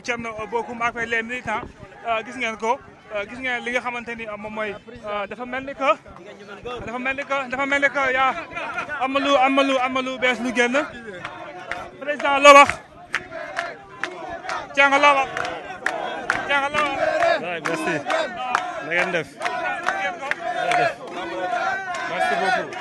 Thierno Bocoum ak les militants ah. ah, gis ngeen ko ah, gis ngeen li nga xamante ni moom mooy dafa mel ni que dafa mel ni ka dafa mel ni que yaa amalu amalu bees lu génn président loo wax Thierno loo wax Thierno loo wax.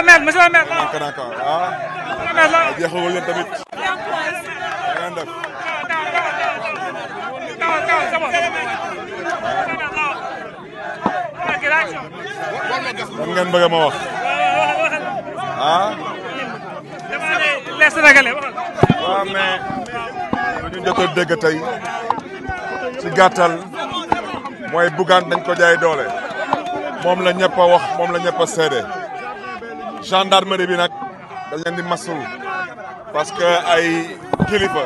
le maire monsieur le maire. ah jeexagul leen tamit. lan ngeen bëgg ma wax. ah. les Sénégalais. jot a dégg ci gàttal mooy Bougane dañ ko jaay doole. moom la ñëpp a wax moom la ñëpp a seede. gendarmerie bi nag dañ leen di parce que ay kilifa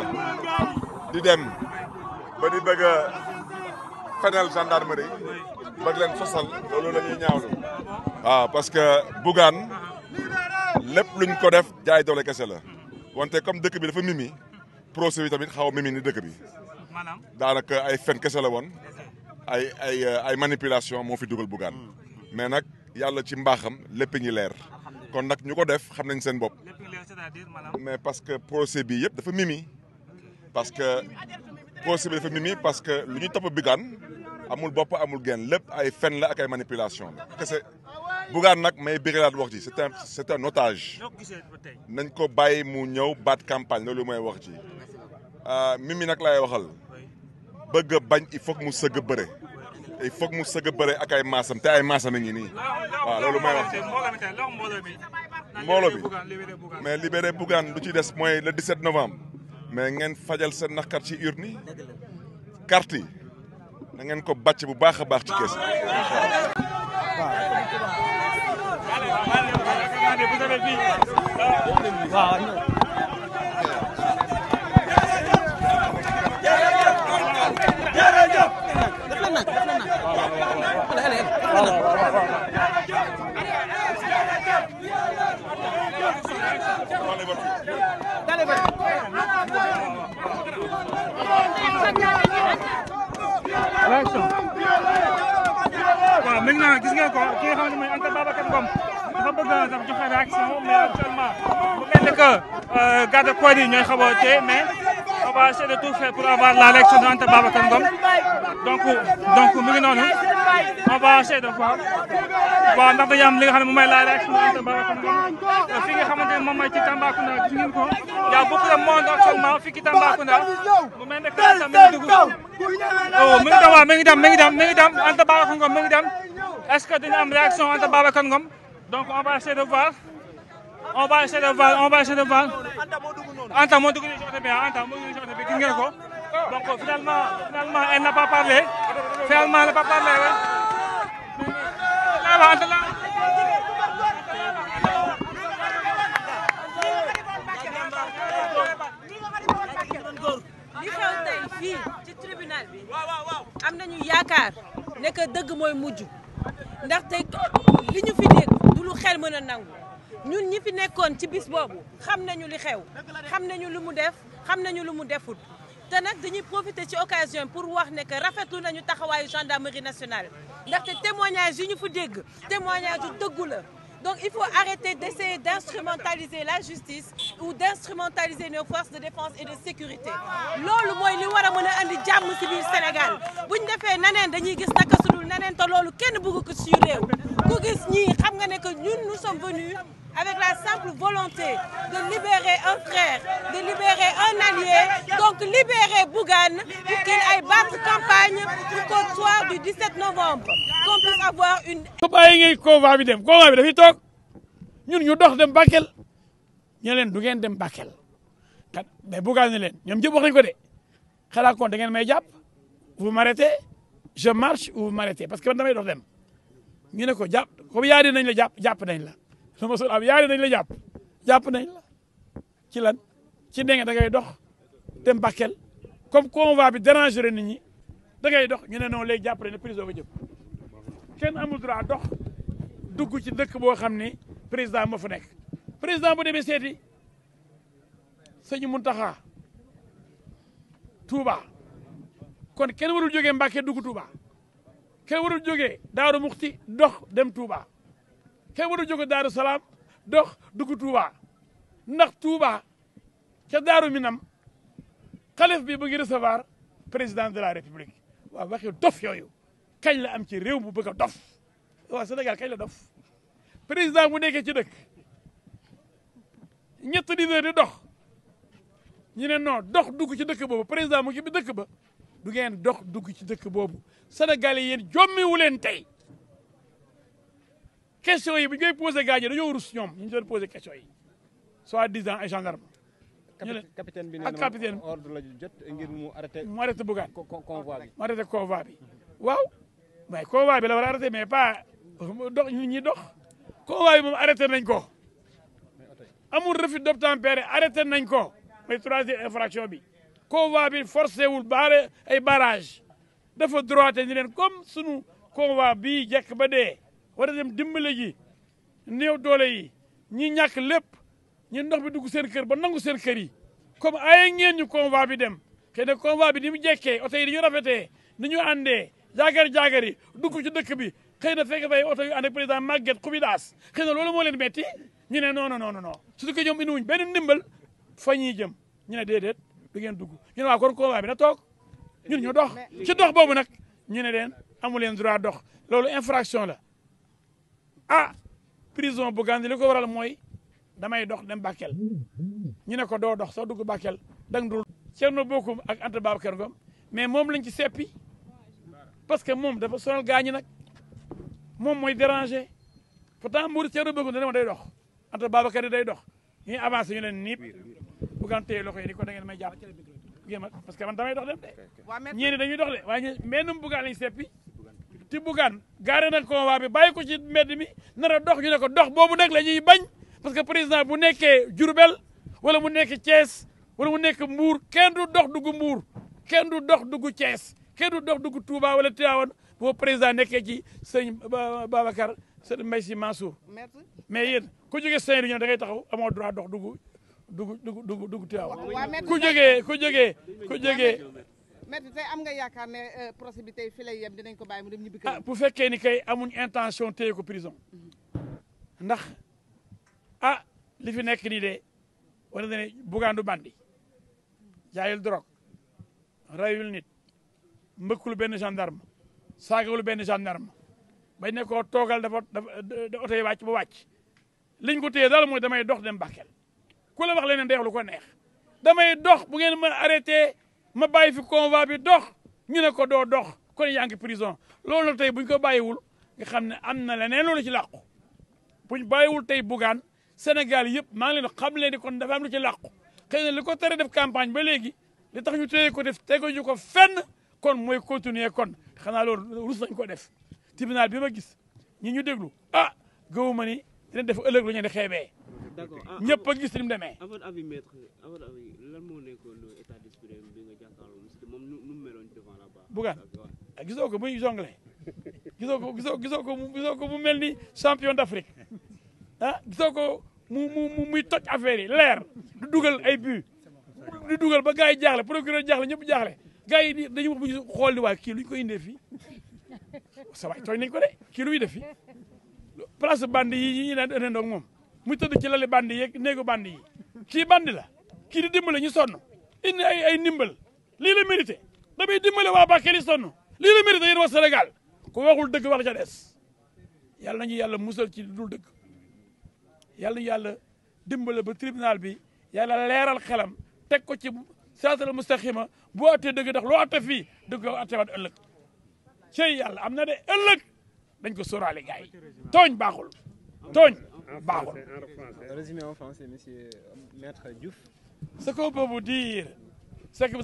di dem ba di bëgg a fenel bëgg leen sosal loolu la ñaawlu waaw parce que Bougane lépp luñ ko def jaay doole kese la wante comme dëkk bi dafa mimi procès bi tamit xaw mimi ni dëkk bi daanaka ay fen kese la woon ay ay ay manipulation moo fi dugal Bougane hmm. mais nag yàlla ci mbaaxam lépp ngi leer kon nag ñu ko def xam nañ seen bopp mais parce que procès bi yëpp dafa mimi parce que procès bi dafa mimi parce que lu ñu topp Bougane amul bopp amul genn lépp ay fenn la ak ay manipulation la kese Bougane nag may birilaat wax ji c'est un c'est un otage nañ ko bàyyi mu ñëw baat campagne loolu mooy wax ji ah, mimi nag laay waxal bëgg bañ il faut mu sëgg bëre il faut mu sëg a bëre ak ay maasam te ay maasam a ngi nii waaw loolu may mboolo bi mais libere Bougane lu ci des mooy le 17 novembre mais ngeen fajal seen naqar ci urne yi na ngeen ko bàcc bu baax a baax ci kees réaction waaw maintenant gis ngeen ko ki nga xam ne mooy Anta Babacar Ngom dafa bëgg a joxe réaction mais actuellement bu mel ne que euh, garde corps yi ñooy xaw a mais. va a de tout faire pour avoir la réaction de Anta Babacar Ngom donc donc mu ngi noonu on va essayer de voir waaw ndax dañuy am li nga xam ne moom la réaction de Anta Babacar Ngom euh, fi nga xamante ne moom mooy ci Tambacounda gis ngeen ko y a beaucoup de monde actuellement fii ci Tambacounda mu mel ne que Anta mi ngi dugg oh mi ngi a waaw mi ngi a mi ngi dem mi ngi dem Anta Babacar Ngom mi ngi dem est-ce que dañu am réaction Anta Babacar Ngom donc on va essayer de voir on va essayer de voir on va essayer de voir. Anta moo dugg ci oto bi ah, Anta moo dugg ci oto bi gis ngeen ko donc finalement finalement elle n'a pas parlé finalement elle n'a pas parlé la Anta la li xew tey fii ci tribunal bi am nañu yaakaar ne que dëgg mooy mujj ndaxte li ñu fi dégg du lu xel mën a nangu ñun ñi fi nekkoon ci bis boobu xam nañu li xew xam nañu lu mu def xam nañu lu mu deful te nag dañuy profiter ci occasion pour wax ne que rafetlu nañu taxawaayu gendarmerie nationale ndaxte témoignage yi ñu fa dégg témoignage yu dëggu la donc il faut arrêter d'essayer d'instrumentaliser la justice ou d'instrumentaliser nos forces de défense et de sécurité loolu mooy li war a mën a andi jàmm ci biir Sénégal bu ñu defee naneen dañuy gis naka sudul naneen loolu kenn bëgg ko xam nga ne que ñun avec la simple volonté de libérer un frère, de libérer un allié, donc libérer Bougane pour qu'il aille battre campagne pour qu'au soir du novembre, qu'on puisse avoir une... su bàyyi ngay convoi bi dem convoi bi dafay toog ñun ñu dox dem Bakel ñu leen du ngeen dem Bakel kat mais Bougane ne leen ñoom ñëpp wax ko de xalaat kon da ngeen may jàpp vous m'arrêtez je marche ou vous m'arrêtez parce que man damay dox dem ñu ne ko jàpp comme yaa di nañ la jàpp jàpp nañ la sama sol ab yaari dañ la jàpp jàpp nañ la ci lan ci denge da ngay dox dem Bakel comme convoi bi déranger nit ñi da ngay dox ñu ne noonu léegi jàpp ne prison nga jëm kenn amul droit dox dugg ci dëkk boo xam ni président moo fa nekk président bu demee seeti sëñ Muntaxa Touba kon kenn warul jógee Mbàkke dugg Touba kenn warul jógee Daaru Muxti dox dem Touba ke waru jóge daaru salaam dox dugg Touba ndax tuuba ca daaru nam kalif bi ba ngi recevoir président de la république waaw waxi dof yooyu kañ la am ci réew mu bëgg a dof waaw Sénégal kañ la dof président bu nekke ci dëkk ñett di dox ñu ne non dox dugg ci dëkk boobu président mu ngi bi dëkk ba du ngeen dox dugg ci dëkk boobu senegal yi yéen jommiwu leen tey question yi bu ñu koy posé gars yi ñoom ñu doon posé question yi soit disant ay gendarme. capitaine bi ak capitaine ordre la jot ngir mu arrêté. mu arrêté bugaan convoi bi. mu arrêté convoi waaw. mais convoi la war a arrêté mais pas dox ñu ñi dox. convoi bi moom nañ ko. amul refus d'obtempérer arrêté nañ ko mooy troisième infraction bi. convoi bi forcé wul baare ay barrage dafa droité ni leen comme sunu convoi jekk ba dee. war a dimbale ji néew doole yi ñi ñàkk lépp ñi ndox bi dugg seen kër ba nangu seen kër yi comme ay ngeen ñu convoi bi dem xëy na convoi bi ni mu jekkee oto yi ni ñu rafetee ni ñu àndee jaagar jaagar yi dugg ci dëkk bi xëy na fekk fay oto yu ànd ak président Maguette Koubidas xëy na loolu moo leen metti ñu ne non non non non surtout que ñoom indiwuñ benn ndimbal fa ñuy jëm ñu ne déedéet du ngeen dugg ñu ne waa kon convoi bi na toog ñun ñu dox ci dox boobu nag ñu ne leen amu leen droit loolu infraction la ah prison bu gandi li ko waral mooy damay dox dem Bakel ñu ne ko doo dox soo dugg Bakel dang dul Thierno Bocoum ak Anta Babacar Ngom mais moom lañ ci seppi parce que moom dafa sonal gaañi nag moom mooy déranger pourtant Mouride Thierno Bocoum dana ma day dox Anta Babacar yi day dox ñuy avancé ñu leen niip bu gaan téye loxo di ko da may jàpp parce que man damay dox dem de ñeeni dañuy dox de waaye ñe mais num buggaan lañ seppi ti bugaan gaare na convoi bi bàyyi ko ci mbedd mi nara a ju ñu ne ko dox boobu nag la ñuy bañ parce que président bu nekkee Diourbel wala mu nekk Thiès wala mu nekk mbuur kenn du dox dugg Mbour kenn du dox dugg Thiès kenn du dox dugg Touba wala Tivaouane boo président nekkee ci sëñ Babacar sëñ Mbaye Sy Mansour mais yéen ku jege Saint-Louis ñoom da ngay taxaw amoo droit dox dugg dugg dugg dugg Tivaouane ku jógee ku jógee ku jege maître te am nga yaakaar ne euh, procès bi tey fi lay yem dinañ ko baay mu dem ñibbi kër ah, bu fekkee ni kay amuñ intention téye ko prison mhm. ndax ah li fi nekk nii de wala ne bugaandu bandi jaayul drogue rayul nit mbëkkul benn gendarme saagawul benn gendarme bañ ne koo toogal dafa dafa oto yi wàcc ba wàcc liñ ko téye daal mooy damay dox dem Bakel ku la wax leneen deex lu ko neex damay dox bu ngeen ma arrêté ma bàyyi fi convoi bi dox ñu ne ko doo dox kon yaa ngi prison loolu tey buñ ko bàyyiwul nga xam ne am na leneen loolu ci làqu buñ bàyyiwul tey bugaan Sénégal yëpp maa ngi leen xam leen ni kon dafa am lu ci làqu xëy na li ko tere def campagne ba léegi li tax ñu téye ko def tey ko ñu ko fenn kon mooy continuer kon xanaa loolu rus nañ ko def tribunal bi ma gis ñu ñu déglu ah gëwuma ni dina def ëllëg lu ñu di xeebee ah, ñëpp a gis ni mu demee. à votre avis maître à votre avis lan moo nekkoon état d'esprit Bougane gisoo ko muy jongle gisoo ko gisoo gisoo ko gisoo ko mu mel ni champion d'Afrique ah gisoo ko mu mu muy toj affaire yi leer du dugal ay but du dugal ba gars yi jaaxle procureur jaaxle ñëpp jaaxle gars yi dañu wax bu ñu xool ni waaye kii lu ñu ko indee fii sa waay tooñ nañ ko de kii lu ñu def fii place bandi yi ñu naan ëne ndoog moom muy tëdd ci lali bandi yeeg néegu bandi yi kii bandi la kii di dimbale ñu sonn indi ay ay ndimbal lii la mérité damay dimbale waa Bakel yi sonn lii la mérite yéen waa Sénégal ku waxul dëgg wax ca des yàlla nañu yàlla musal ci dul dëgg yàlla nañu yàlla dimbale ba tribunal bi yàlla leeral xelam teg ko ci siraatal mustaqima bu attee dëgg ndax loo atte fii dëgg yow attewaat ëllëg cey yàlla am na de ëllëg dañ ko sóoraale gars yi tooñ baaxul tooñ baaxul résumé en français monsieur maître Diouf ce